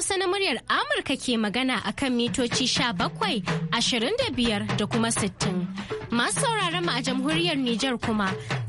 Hausa na muryar Amurka ke magana a kan mitoci bakwai ashirin da biyar da kuma sittin Masu sauraron mu a jamhuriyar Nijar kuma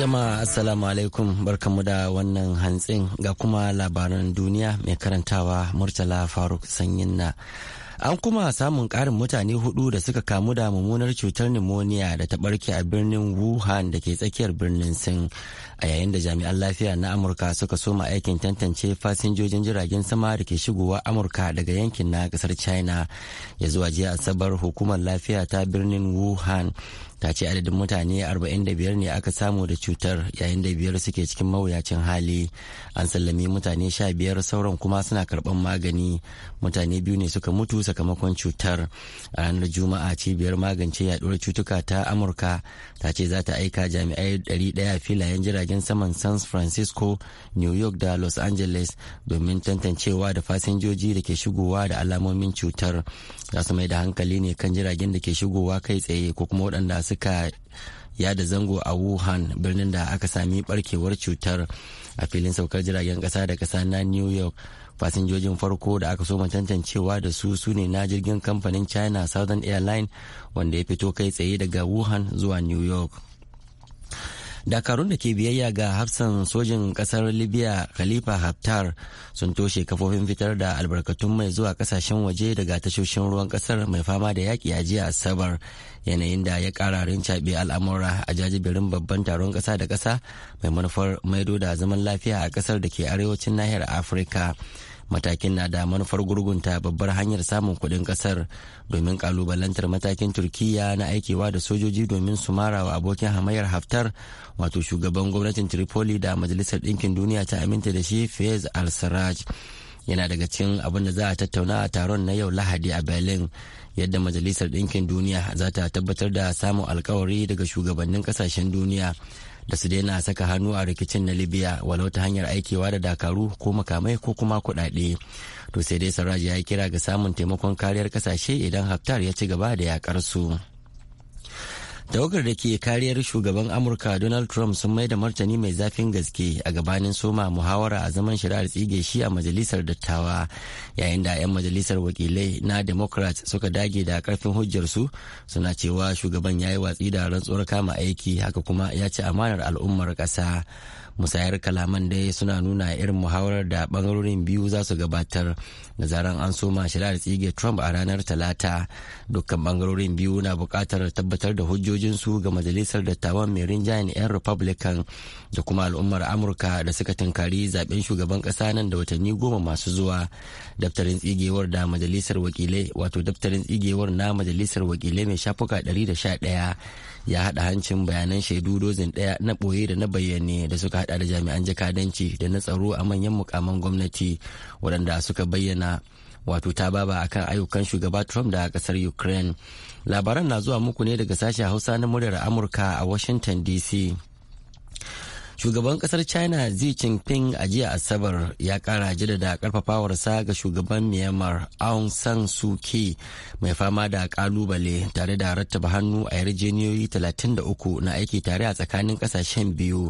Jama'a Assalamu alaikum barkamu da wannan hantsin ga kuma labaran duniya mai karantawa Murtala Faruk Sanyin na. An kuma samun karin mutane hudu da suka kamu da mummunar cutar pneumonia da ta barke a birnin Wuhan da ke tsakiyar birnin Sin a yayin da jami'an lafiya na Amurka suka soma aikin tantance fasinjojin jiragen sama da ke shigowa Amurka daga yankin na kasar China ya zuwa jiya Asabar hukumar lafiya ta birnin Wuhan ta ce adadin mutane 45 ne aka samu da cutar yayin da biyar suke cikin mawuyacin hali an sallami mutane 15 sauran kuma suna karban magani mutane biyu ne suka mutu sakamakon cutar a ranar juma'a cibiyar magance yaduwar cutuka ta amurka ta ce za ta aika jami'ai 100 filayen jiragen saman san francisco new york da los angeles domin tantancewa da fasinjoji da ke shigowa da alamomin cutar za su mai da hankali ne kan jiragen da ke shigowa kai tsaye ko kuma waɗanda suka yada zango a wuhan birnin da aka sami barkewar cutar a filin saukar jiragen kasa da kasa na new york fasinjojin farko da aka soma tantancewa da su su ne na jirgin kamfanin china southern airline wanda ya fito kai tsaye daga wuhan zuwa new york dakarun da ke biyayya ga hafsan sojin kasar libya khalifa haftar sun toshe kafofin fitar da albarkatun mai zuwa kasashen waje daga tashoshin ruwan kasar mai fama da yaƙi a jiya asabar yanayin da ya kara rincaɓe al'amura a jajibirin babban taron ƙasa da ƙasa mai manufar maido da zaman lafiya a ƙasar da ke arewacin nahiyar afirka matakin na da manufar gurgunta babbar hanyar samun kuɗin ƙasar domin ƙalubalantar matakin turkiya na aikewa da sojoji domin su mara wa abokin hamayar haftar wato shugaban gwamnatin tripoli da majalisar ɗinkin duniya ta aminta da shi fez al-sarraj yana daga cikin abin da za a tattauna a taron na yau lahadi a berlin yadda majalisar ɗinkin duniya za ta tabbatar da samun alkawari daga shugabannin ƙasashen duniya da su daina saka hannu a rikicin na libya walau ta hanyar aikewa da dakaru ko makamai ko kuma kuɗaɗe to sai dai saraji ya kira ga samun taimakon kariyar kasashe idan haftar ya ci gaba da yakar su tawagar da ke kariyar shugaban amurka donald trump sun mai da martani mai zafin gaske a gabanin soma muhawara a zaman shari'ar tsige shi a majalisar dattawa yayin da 'yan majalisar wakilai na democrat suka dage da karfin hujjarsu suna cewa shugaban ya yi watsi da rantsuwar kama aiki haka kuma ya ci amanar al'ummar ƙasa musayar kalaman dai suna nuna irin muhawarar da bangarorin biyu za su gabatar da zaran an soma shari'ar tsige trump a ranar talata dukkan bangarorin biyu na bukatar tabbatar da hujjoji su ga majalisar dattawan mai rinjayen 'yan republican da kuma al'ummar amurka da suka tunkari zaben shugaban kasa nan da watanni goma masu zuwa daftarin tsigewar da majalisar wakilai wato daftarin tsigewar na majalisar wakilai mai shafuka 111 ya haɗa hancin bayanan shaidu dozin ɗaya na boye da na bayyane da suka haɗa da jami'an jakadanci da na tsaro a manyan mukaman gwamnati waɗanda suka bayyana wato ta baba akan ayyukan shugaba trump da kasar ukraine labaran na zuwa muku ne daga sashen hausa na muryar amurka a washington dc shugaban kasar china xi jinping a jiya asabar ya kara jaddada karfafawarsa ga shugaban myanmar aung san suu kyi mai fama da kalubale tare da rattaba hannu a yarjejeniyoyi 33 na aiki tare a tsakanin kasashen biyu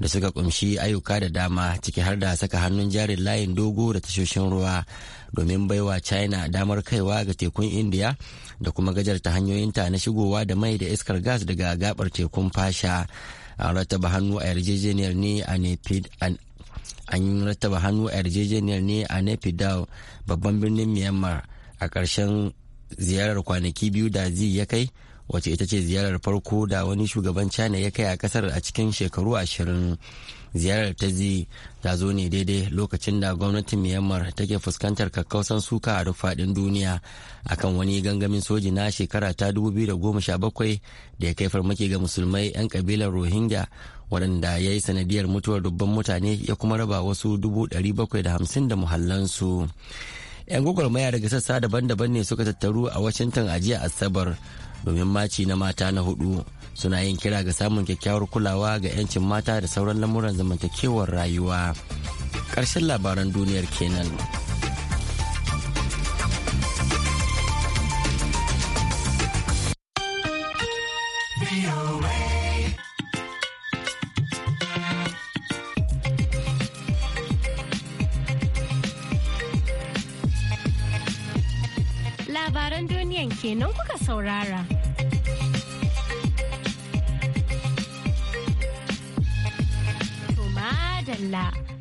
da suka kumshi ayyuka da dama ciki har da saka hannun jarin layin dogo da tashoshin ruwa domin baiwa china damar kaiwa ga tekun india da kuma gajarta hanyoyinta na shigowa da mai da iskar gas daga gabar tekun fasha an rattaba hannu a yarjejeniyar ne a nepid an rattaba hannu a yarjejeniyar ne a nepidau babban birnin myanmar a ƙarshen ziyarar kwanaki biyu da zi ya kai wacce ita ce ziyarar farko da wani shugaban china ya kai a kasar a cikin shekaru ashirin ziyarar ta zi ta zo ne daidai lokacin da gwamnatin myanmar take fuskantar kakkausan suka a rufaɗin duniya akan wani gangamin soji na shekara ta 2017 da ya kai farmaki ga musulmai 'yan kabilar rohingya waɗanda ya yi sanadiyar mutuwar dubban mutane ya kuma raba wasu 750 da muhallansu 'yan gwagwarmaya daga sassa daban-daban ne suka tattaru a washington ajiya asabar domin maci na mata na hudu suna yin kira ga samun kyakkyawar kulawa ga 'yancin mata da sauran lamuran zamantakewar rayuwa ƙarshen labaran duniyar kenan. labaran duniyan kenan kuka saurara.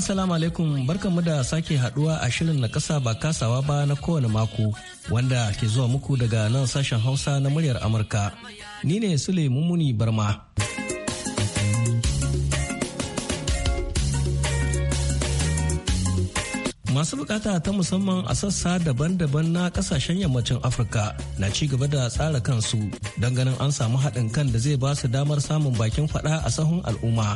assalamu alaikum barkanmu da sake haduwa a shirin na kasa ba kasawa ba na kowane mako wanda ke zuwa muku daga nan sashen Hausa na muryar Amurka. Ni ne Sule Mummuni Barma. masu bukata ta musamman a sassa daban-daban na kasashen yammacin afirka na ci gaba da tsara kansu don ganin an samu haɗin kan da zai ba su damar samun bakin faɗa a sahun al'umma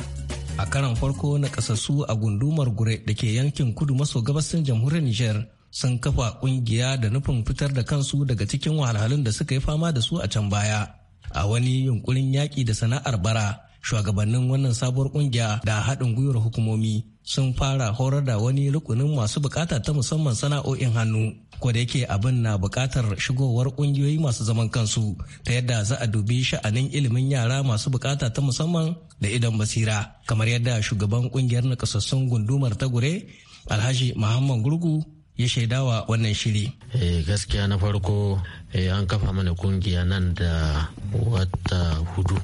a karan farko na kasassu a gundumar gure da ke yankin kudu maso gabasin jamhuriyar niger sun kafa kungiya da nufin fitar da kansu daga cikin wahalhalun da suka yi fama da su a can baya a wani yunkurin yaƙi da sana'ar bara shugabannin wannan sabuwar kungiya da haɗin gwiwar hukumomi sun fara horar da wani rukunin masu bukata ta musamman sana'o'in hannu ko da yake abin na bukatar shigowar kungiyoyi masu zaman kansu ta yadda za a dubi sha'anin ilimin yara masu bukata ta musamman da idan basira kamar yadda shugaban kungiyar nakasassun gundumar ta gure alhaji muhammad gurgu ya shaidawa wannan shiri. Eh, gaskiya na farko eh, an kafa mana kungiya nan da wata hudu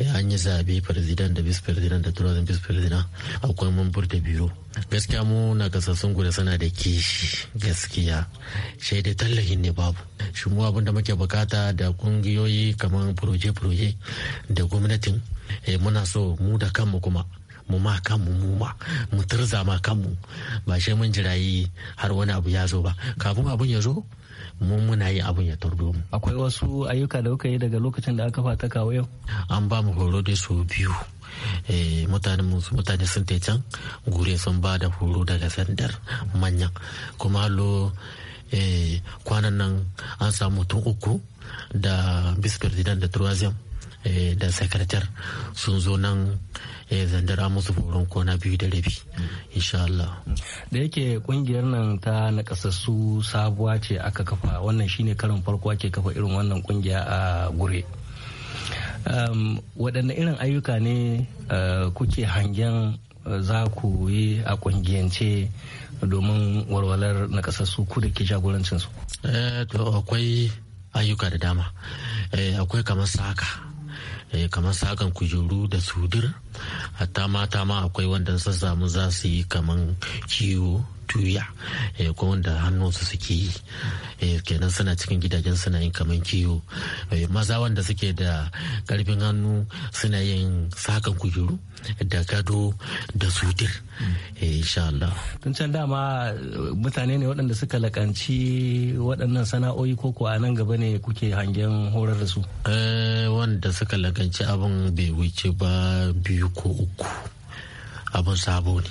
Eh, an yi zabe president da vice president da turazin vice president akwai mambur da biro gaskiya mu na kasassun guda sana da kishi gaskiya sai da tallahin ne babu shi mu abin da muke bukata da kungiyoyi kamar proje-proje da gwamnatin eh, muna so mu da kanmu kuma mu ma kanmu mu ma mu turza ma kanmu ba shi mun jirayi har wani abu ya zo ba kafin abin ya zo mu muna yi abun ya tardo mu akwai wasu ayyuka da kuka yi daga lokacin da aka fata kawo yau an ba mu horo da su biyu eh, mutane sun te can gure sun ba da horo daga sandar manyan kuma lo eh, kwanan nan an samu mutum uku da vice president da troisième Eh, da sakatar sun zo nan eh, zandara musu horon kona biyu da rabi insha Allah. da yake kungiyar nan ta nakasassu sabuwa ce aka kafa wannan shine karin farko ake kafa irin wannan kungiya a gure um, waɗanne irin ayyuka ne eh, kuke hangen za ku yi a kungiyance domin walwalar nakasassu ku da ke jagorancinsu? akwai ayyuka da dama akwai kamar saka Eh, kamar sakan kujeru da sudur hatta mata ma akwai wanda sassa samu za su yi kamar kiwo tuya eh, ko wanda hannunsu suke yi eh, kenan suna cikin gidajen suna yin kaman kiwo eh, maza wanda suke da karfin hannu suna yin sakan kujeru da gado da sudir insha Allah. Tun can dama mutane ne waɗanda suka lakanci waɗannan sana'o'i ko a nan gaba ne kuke hangen horar da su? Wanda suka lakanci abin bai wuce ba biyu ko uku abin sabo ne.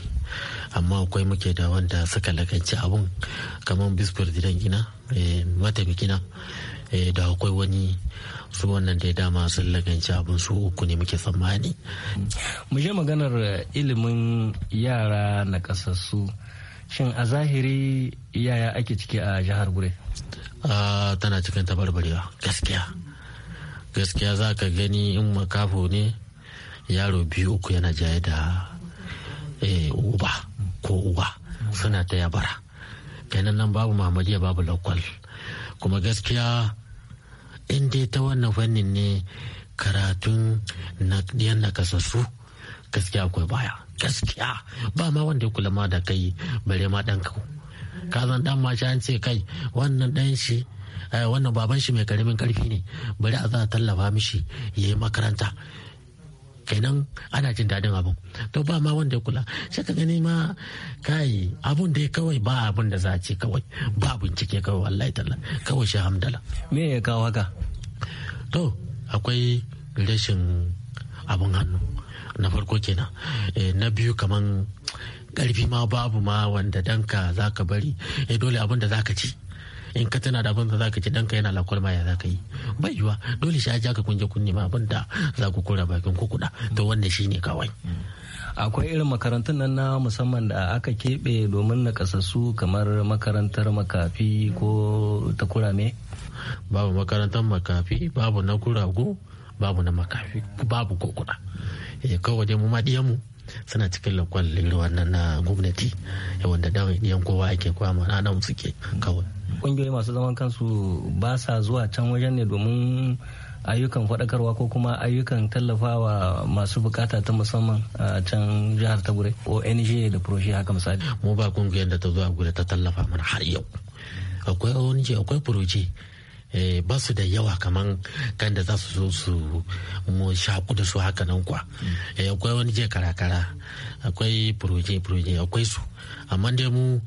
amma akwai muke da wanda suka lakanci abun kamar biskuit gidan gina eh, mataimakina eh, da akwai wani su wannan da ya dama sun laganci abin su uku ne muke tsammani. mu je maganar ilimin yara na kasassu shin a zahiri yaya ake ciki a jihar gure tana cikin tabarbarewa gaskiya gaskiya za ka gani in makafo ne yaro biyu uku yana jaye da eh, suna ta yabara kenan nan babu mamadiya babu lokal kuma gaskiya in dai ta wannan fannin ne karatun na na nakasassu gaskiya akwai baya gaskiya ba ma wanda ya kula ma da kai bare ma ɗanka ka zan dan ma an ce kai wannan ɗan shi eh, wannan baban shi mai karamin karfi ne bari a za a tallafa mishi ya yi makaranta kenan ana jin daɗin abun to ba ma wanda ya kula sai ka gani ma kai abun da kawai ba abun da za a ce kawai ba bincike kawai wallahi talla kawai shi hamdala me ya kawo haka to akwai rashin abun hannu na farko kenan eh, na biyu kaman karfi ma babu ma wanda danka zaka bari eh, dole abun da zaka ci in ka tana da abin da zaka ci ka yana lakwal ma ya zaka yi bai yiwa dole shi a ja ka kunje kunne ma abin da za ku kura bakin ku kuda to wannan shine kawai akwai irin makarantun nan na musamman da aka keɓe domin nakasassu kamar makarantar makafi ko ta kurame babu makarantar makafi babu na kurago babu na makafi babu ko kuɗa eh, kawai dai mu ma suna cikin lakwal wannan na gwamnati wanda da yan kowa ake kwamana na nan suke kawai kungiyoyi masu zaman kansu ba sa zuwa can wajen ne domin ayyukan faɗakarwa ko kuma ayyukan tallafawa masu bukata ta musamman a can jihar tabure ong da proshi haka misali mu ba kungiyar da ta zuwa gure ta tallafa mana har yau akwai ong akwai proshi eh, ba su da yawa kamar kan da za su zo su mu shaku da su haka nan kwa eh, akwai wani je karakara akwai proje proje akwai su amma dai mu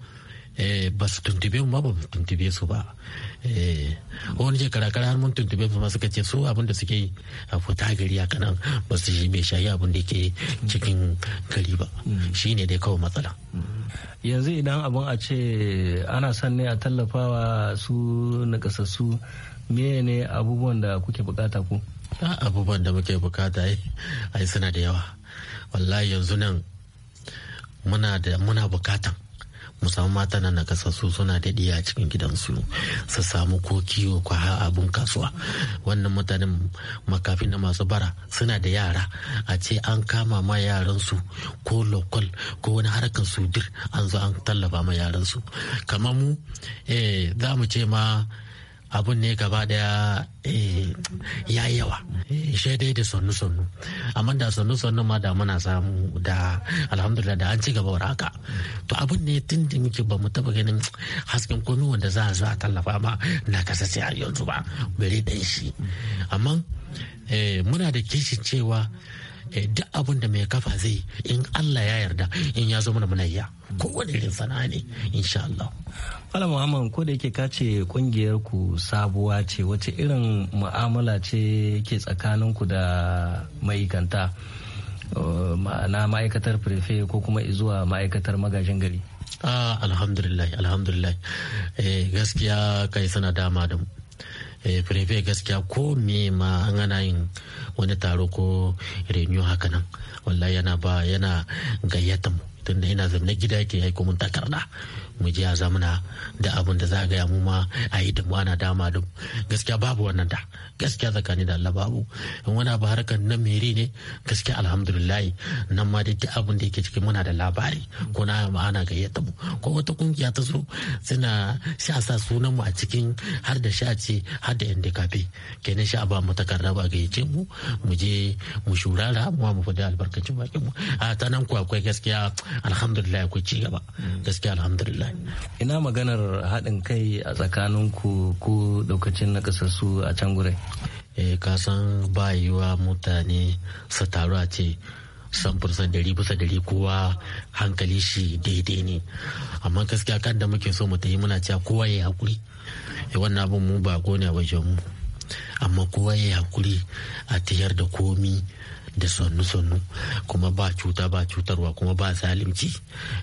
Eh, ba su tuntube mu ba tuntube su ba eh, wani je kar har mun tuntube su ma suka su abin da suke a fita gari a kanan ba su shi mai shayi abin da yake cikin gari ba mm. shi ne dai kawai matsala mm. yanzu idan abin a ce ana son ne a tallafawa su nakasassu mene ne abubuwan da kuke bukata ku ah, abubuwan da muke bukata eh, ai suna da yawa wallahi yanzu nan muna da muna bukatan musamman mata na su suna daɗi a cikin gidansu su samu ko kiwo ko har abun kasuwa wannan mutanen makafin na masu bara suna da yara a ce an kama ma yaransu ko lokal ko wani harkar sudir an zo an tallafa ma yaransu kamar mu eh, za mu ce ma abun ne gaba eh, eh, da ya yawa shaidai da sannu-sannu amma da sannu-sannu ma da muna samu da alhamdulillah da an ci gaba haka to abun ne tun da muke ba mu taba ganin hasken komi wanda za a zo a tallafa ma na kasance har yanzu ba bari dan shi amma eh, muna da kishin cewa Eh, duk abin da mai kafa zai in Allah ya yarda in ya zo mana muna iya kowane irin sana'a ne insha Allah Malam Muhammad ko da yake ka ce kungiyar ku sabuwa ce wace irin mu'amala ce ke tsakanin ku da ma'aikanta eh, ma'ana ma'aikatar prefe ko kuma zuwa ma'aikatar magajin gari ah, alhamdulillah alhamdulillah eh, gaskiya kai sana dama da mu Eh, prefe gaskiya ko me ma an ana yin wani taro ko reunion haka nan wallahi yana ba yana gayyata mu tunda yana zamne gida yake aiko mun takarda mu ji a zamana da abin da za a gaya mu ma a yi mu ana dama da gaskiya babu wannan da gaskiya tsakanin da Allah babu in wani abu harkar nan meri ne gaskiya alhamdulillah nan ma duk abin da yake cikin muna da labari ko na ana gayyata mu ko wata kungiya ta zo suna sha sa sunan mu a cikin har da sha ce har da inda kafe kenan sha ba mu takarda ba gayyace mu mu je mu shurara mu mu fada albarkacin bakin mu a ta nan ku akwai gaskiya alhamdulillah ku ci gaba gaskiya alhamdulillah ina maganar haɗin kai a tsakanin ku ko lokacin na su a can gurai eh ka san ba yiwa mutane su taru a ce san fursan dari bisa dari kowa hankali shi daidai ne amma gaskiya kan da muke so mu ta yi muna cewa kowa ya hakuri eh, wannan abin mu ba ne a wajen mu amma kowa ya hakuri a tiyar da komi da sannu-sannu kuma ba cuta ba cutarwa kuma ba zalimci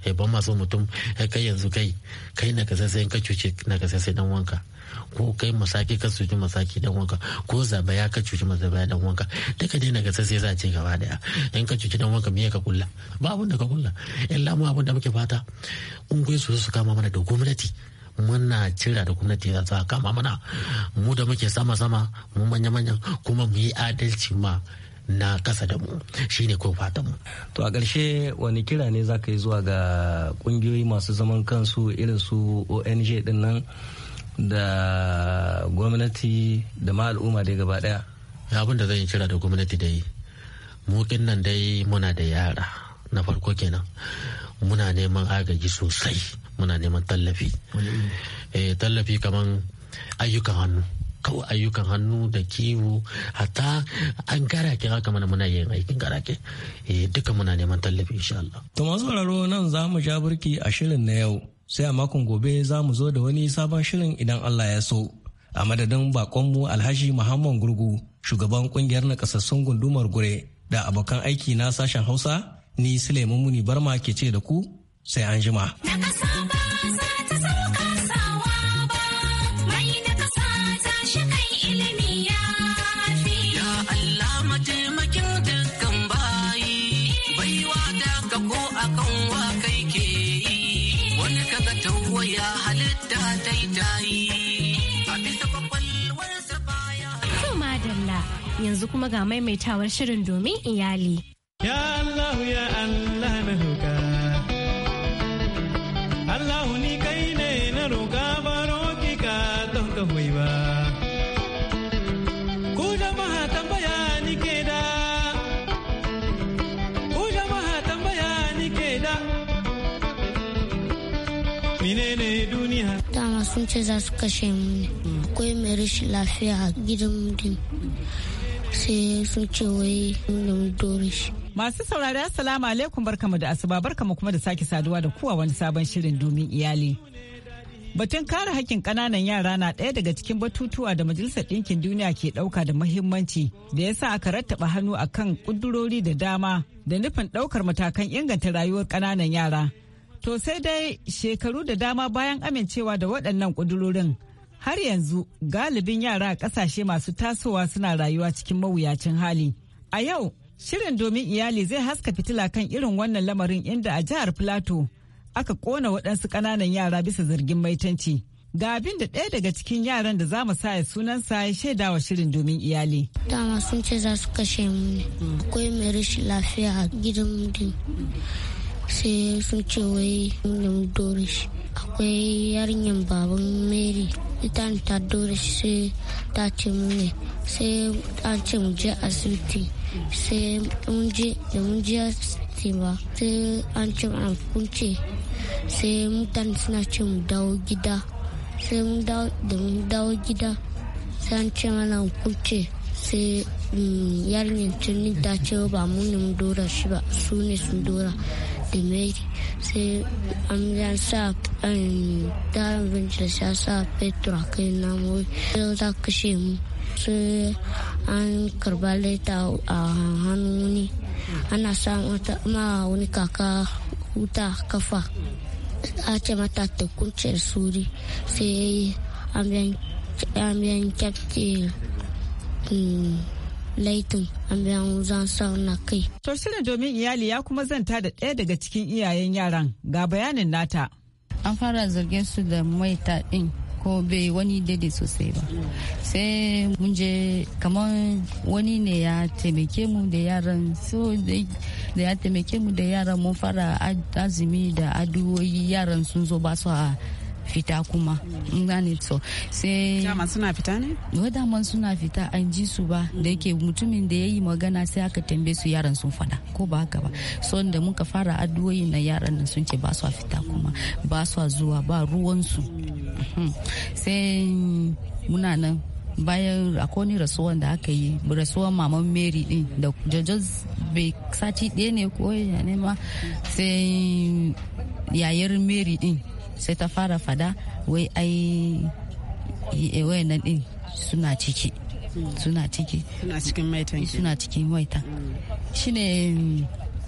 ya eh, ban masu mutum ya eh, kai yanzu kai kai na sai ka cuce na sai dan wanka ko kai masaki ka cuci masaki dan wanka ko zaba ya ka cuci mazaba ya dan wanka duka dai na kasasai za a ce gaba daya in ka cuci dan wanka me ka kulla ba abun da ka kulla in lamu abun da muke fata kungiyoyi su su kama mana da gwamnati muna cira da gwamnati za su kama mana mu da muke sama sama mu manya manya kuma mu yi adalci ma na kasa da mu shine ko mu to a ƙarshe wani kira ne za ka yi zuwa ga ƙungiyoyi masu zaman kansu irin su ong din nan da gwamnati da ma al'umma dai gaba ɗaya. abin da zan yi kira da gwamnati dai mukin nan dai muna da yara na farko kenan muna neman agaji sosai muna neman tallafi eh, tallafi kaman ayyukan hannu kawai ayyukan hannu da kiwo hatta an garake haka mana muna yin aikin garake eh, duka muna neman tallafi insha Allah. To masu sauraro nan za mu ja burki a shirin na yau sai a makon gobe za mu zo da wani sabon shirin idan Allah ya so. A madadin bakonmu Alhaji Muhammad Gurgu shugaban kungiyar na kasassun gundumar gure da abokan aiki na sashen Hausa ni Suleiman Muni Barma ke ce da ku sai an jima. yanzu kuma ga maimaitawar shirin domin iyali. Ya Allah ya Allah na roƙa. Allah ni kai ne na roƙa ba roƙi ka don ka hoyi ba. Ku jama'a tambaya ni ke da. Ku jama'a tambaya ni ke da. Mine ne duniya? Dama sun ce za su kashe mu ne. Akwai mai rashin lafiya a gidan mutum. Masu saurari Assalamu alaikum barkamu da asuba barkamu kuma da sake saduwa da kuwa wani sabon shirin domin iyali. Batun kare hakkin kananan yara na ɗaya daga cikin batutuwa da Majalisar Ɗinkin Duniya ke ɗauka da mahimmanci da ya sa aka rattaba hannu a kan ƙudurori da dama da nufin ɗaukar matakan inganta rayuwar kananan yara. To sai dai shekaru da dama bayan amincewa da waɗannan ƙudurorin har yanzu galibin yara a kasashe masu tasowa suna rayuwa cikin mawuyacin hali. A yau, shirin domin iyali zai haska fitila kan irin wannan lamarin inda a jihar Filato aka kona waɗansu ƙananan yara bisa zargin maitanci. Ga abin da ɗaya daga cikin yaran da za mu sa ya sunansa ya shaida wa shirin domin iyali. Dama sun ce za su kashe mu ne. Akwai mai rashin lafiya a gidan mutum. Sai sun ce wai mu dore shi. akwai yarinyar baban mary ita ta dora sai ta ce mu sai an ce mu je asibiti sai mun je da mun je asibiti ba sai an ce an kunce sai mutane suna ce mu dawo gida sai mun dawo da mun dawo gida sai an ce mana kunce sai mm, yarinyar cinin ta ce ba mu ne mu dora shi ba su ne sun dora da sai an ya sa daren bincin ya sa fetur a kai namu sai za kashe mu sai an karba laita a hannu ne sa ma wani kaka wuta kafa a ce mata ta kunciyar suri sai an biyan laitin an zan sauna kai. To domin iyali ya kuma zanta da ɗaya daga cikin iyayen yaran ga bayanin nata. An fara zargin su da maita ɗin ko bai wani daidai sosai ba sai mun je kamar wani ne ya taimake mu da yaran so da ya taimake mu da yaran mun fara azumi da aduwoyi yaran sun zo ba su a fita kuma in gane to sai dama suna fita ne wadaman suna fita an ji su ba da yake mutumin da ya yi magana sai aka tambaye su yaran sun fada ko ba haka ba so da muka fara addu'o'i na yaran nan sun ce ba su fita kuma ba su zuwa ba ruwansu mhm. sai muna nan bayan akoni rasuwan da aka yi rasuwan maman mary din da jojos bai sati ɗaya ne ko ya nema sai yayar mary din sai ta fara fada wai ai eh, wayannan din suna ciki hmm. suna ciki suna cikin maitan hmm. shi ne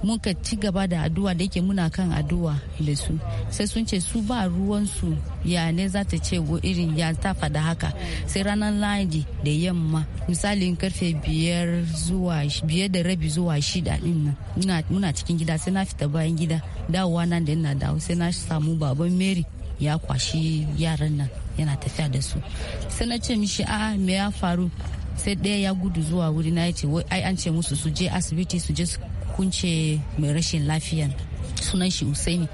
mun ka ci gaba da addu'a da yake muna kan addu'a da su sai sun ce su ba ruwansu ya ne za ta ce go irin ya ta faɗa haka sai ranar lahadi da yamma misalin karfe biyar zuwa biyar da rabi zuwa shida din nan muna cikin gida sai na fita bayan gida dawowa nan da ina dawo sai na samu baban mary ya kwashi yaran nan yana tafiya da su sai na ce mishi a me ya faru sai ɗaya ya gudu zuwa wuri na ya ce wai ai an ce musu su je asibiti su je kunce mai rashin lafiya sunan shi usaini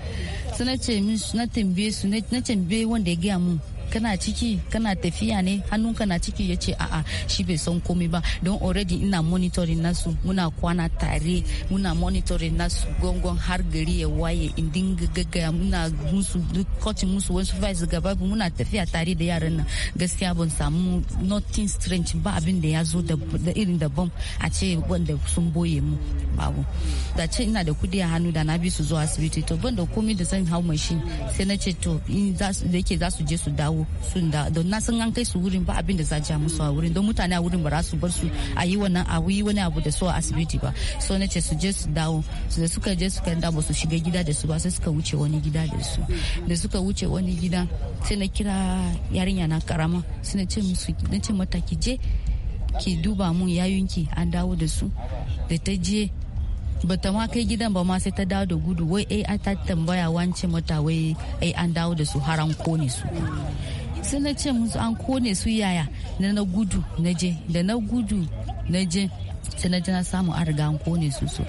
sunan tambaye wanda ya gaya mun kana ciki kana tafiya ne hannunka na ciki ya ce a'a shi bai san komai ba don already ina monitoring nasu muna kwana tare muna monitoring nasu gongon har gari ya waye in dinga gaggaya muna musu musu wasu vice gaba muna tafiya tare da yaran nan gaskiya ban samu nothing strange ba abin da ya zo da irin daban a ce wanda sun boye mu babu da ce ina da kudi a hannu da na bi su zuwa asibiti to ban da komai da zan hau mashin sai na ce to in da yake za su je su dawo sun da don na san an kai su wurin ba abin da za ja musu a wurin don mutane a wurin ba za su bar su a yi wannan a yi wani abu da su a asibiti ba so na ce su je su dawo su da suka je suka da ba su shiga gida da su ba sai suka wuce wani gida da su da suka wuce wani gida sai na kira yarinya na karama sai na ce musu na ce mata ki je ki duba mun yayunki an dawo da su da ta je bata ma kai gidan ba ma sai ta dawo da gudu wai ai ta tambaya wance mata wai ai an dawo da su har an kone su sai na ce musu an kone su yaya na na gudu na je da na gudu na je sai na ji na samu an riga an kone su so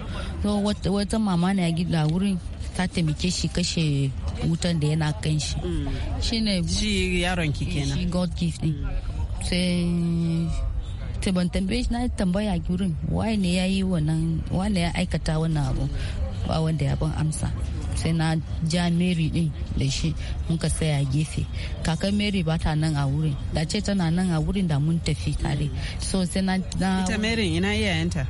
wata mama na ya gida wurin ta taimake shi kashe wutan da yana kan shi mm. shi ne shi yaron ki kenan god gift mm. sai ta ban tambaye shi na tambaya gurin wai ne ya yi wannan ne ya aikata wannan abu ba wanda ya ban amsa sai na ja mary din da shi muka saya gefe kakan mary ba ta nan a wurin da ce tana nan a wurin da mun tafi tare so sai na ita mary ina iyayenta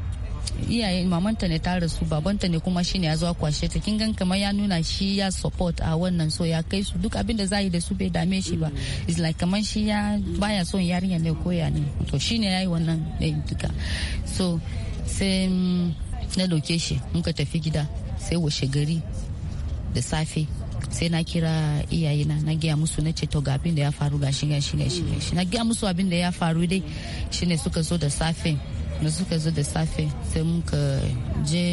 iyayen mamanta ne ta rasu babanta ne kuma shine ya zuwa kwashe ta kin gan kamar ya nuna shi ya support a wannan so ya kai su duk abin da za yi da su bai dame shi ba mm. is like kamar shi ya baya son yarinya ne ko koya ne to shine yi wannan ɗin duka so sai na doke shi muka tafi gida sai washe gari da safe sai na kira iyayena na gaya musu na ce to ga abin da ya faru gashi gashi gashi na gaya musu abin da ya faru dai shine suka zo da safe da suka zo da safe sai mun ka je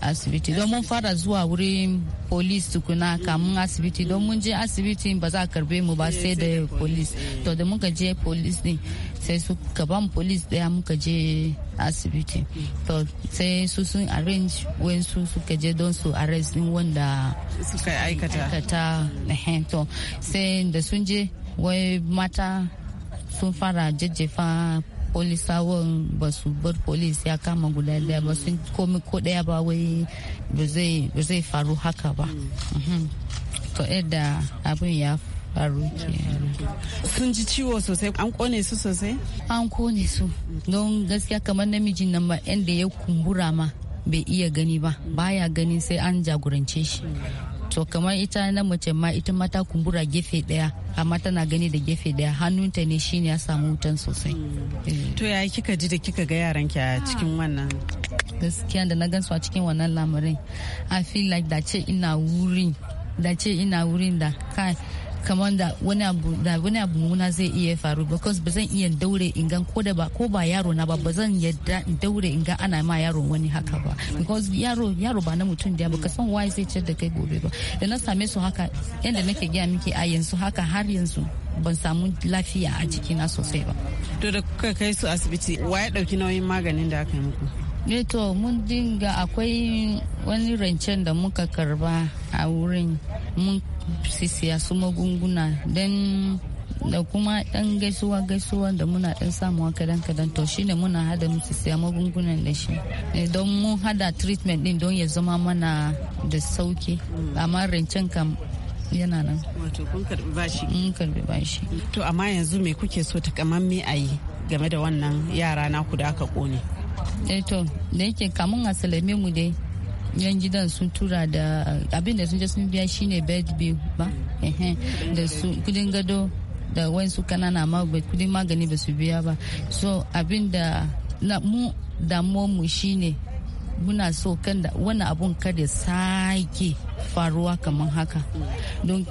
asibiti don mun fara zuwa wurin polis tukuna kamun asibiti don mun je asibiti ba za a karbe mu ba sai da polis to da muka je polis din sai su gaban polis daya muka je asibiti to sai su sun arrange su suka je don su arrest din wanda suka aikata to sai da sun je wai mata sun fara jajjefa polisawan ba su bar polis ya kama guda daya ba sun komi ko daya ba wai ba zai faru haka ba mhm. to yadda abin ya faru sun ji ciwo sosai an kone su sosai an kone su don gaskiya kamar namijin nan ma yadda ya kumbura ma bai iya gani ba baya gani sai an jagorance shi to kamar ita na mace ma ita ma kumbura gefe daya amma tana gani da gefe daya hannunta ne shine ya samu wutan sosai eh. to ya kika ji da kika ga yaran ki a cikin wannan gaskiya da na gansu a cikin wannan lamarin i feel like da ce ina wurin da ce ina wurin da kai kamar da wani abu da wani abu muna zai iya faru because ba zan iya daure in ga ko da ba ko ba yaro na ba ba zan yadda in daure in ga ana ma yaro wani haka ba because yaro yaro ba na mutum da ba ka san why zai ce da kai gobe ba da na same su haka yanda nake gaya miki a yanzu haka har yanzu ban samu lafiya a jikina sosai ba to da kuka kai su asibiti wa ya dauki nauyin maganin da aka yi muku ne eh to mun dinga akwai wani rancen da muka karba a wurin mun sisiya su magunguna don da kuma dan gaisuwa gaisuwa da muna dan samuwa kadan kadan to shine muna hada musu siya magungunan da shi eh, don mun hada treatment din don ya zama mana da sauki mm. amma rancen kam yana nan wato kun karbi bashi mun karbi bashi to amma yanzu me kuke so ta kaman me ayi game da wannan yara ku da aka kone eh to da yake kamun a mu dai yan gidan sun tura da abin da sun je sun biya shine bed bill ba da su kudin gado da wasu kanana ma kudin magani ba su biya ba so abin da mu damuwar mu shine muna so kan da wani abun kada sake faruwa kamar haka don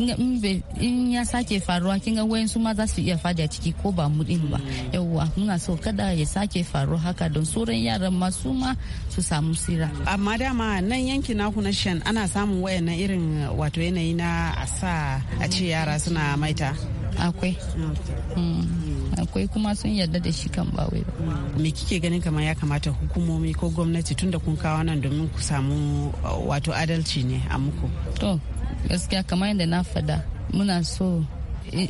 in ya sake faruwa kinga wayan su ma za su iya fadi ciki ko ba mu din ba mm. yawwa muna so kada ya sake faru haka don sauran yaran ma su ma su samu sira amma dama nan yankin naku na shan ana samun wayannan irin wato yanayi na a sa a ce yara suna maita akwai mm. akwai kuma sun yarda da shi kan bawai ba mm. me kike ganin kamar ya kamata hukumomi ko gwamnati tunda kun kawo nan domin ku samu wato adalci ne a muku ku to gaskiya kamar yadda na fada muna so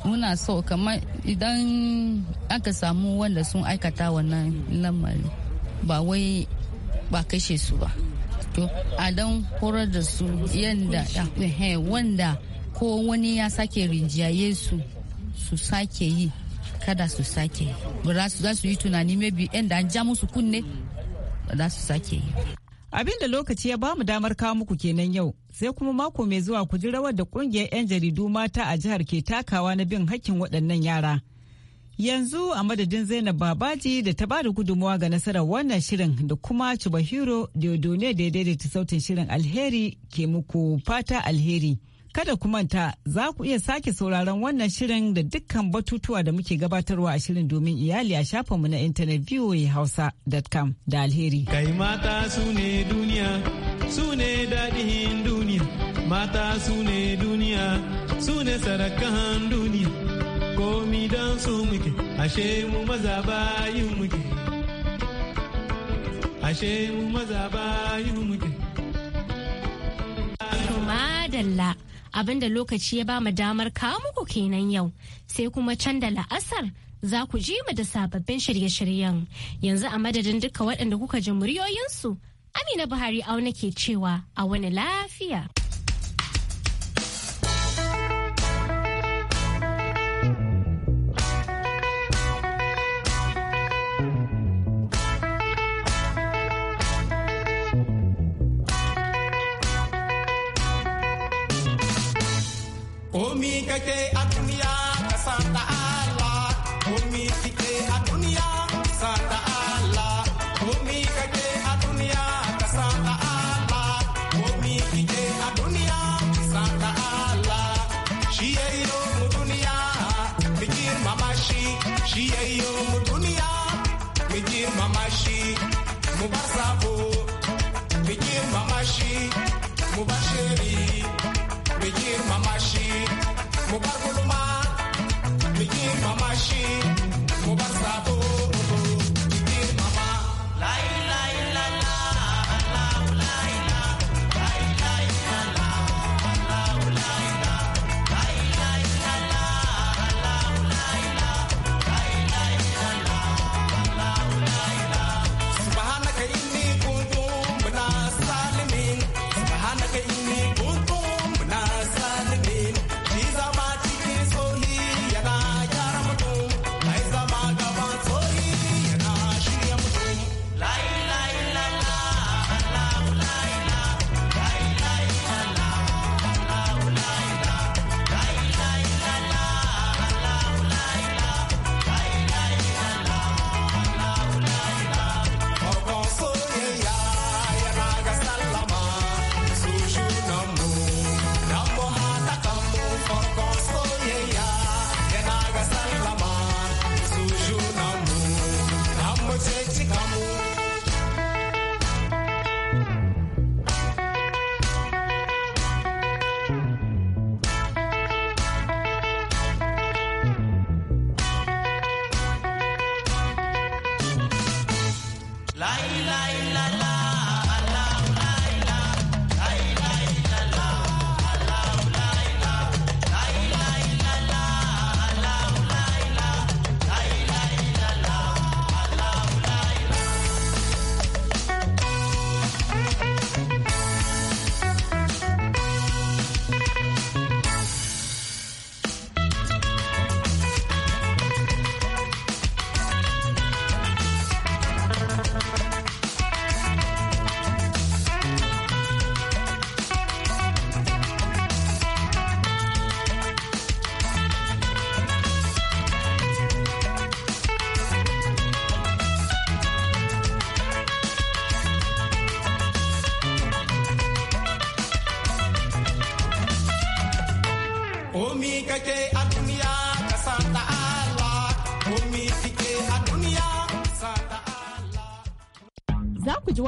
muna so kamar idan aka samu wanda sun aikata wannan lamari ba wai ba kashe su ba to a dan horar da su yadda wanda ko wani ya sake rinjiyaye su su sake yi kada su sake yi za su yi tunani mebi inda an ja musu kunne za su sake yi Abin da lokaci ya bamu damar kawo muku kenan yau, sai kuma mako mai zuwa ku ji rawar da kungiyar 'yan jaridu mata a jihar ke takawa na bin hakkin waɗannan yara. Yanzu a madadin Zainab Babaji da ta bada gudummawa ga nasarar wannan shirin da kuma Chubahiro Diodone da ya daidaita sautin shirin alheri ke muku fata alheri. Kada ku manta za ku iya sake sauraron wannan shirin da dukkan batutuwa da muke gabatarwa a shirin domin iyali a shafinmu na intanet voahausa.com da alheri. Kai mata su ne duniya, su ne daɗin duniya, mata su ne duniya, su ne sarakan duniya, komi don su muke, ashe mu maza bayin muke. Ashe mu maza bayin muke. Madalla. abinda lokaci ya bamu damar kawo muku kenan yau sai kuma can da la'asar za ku ji mu da sababbin shirye-shiryen yanzu a madadin duka waɗanda kuka ji muryoyinsu amina buhari auna ke cewa a wani lafiya.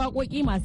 waƙoƙi masu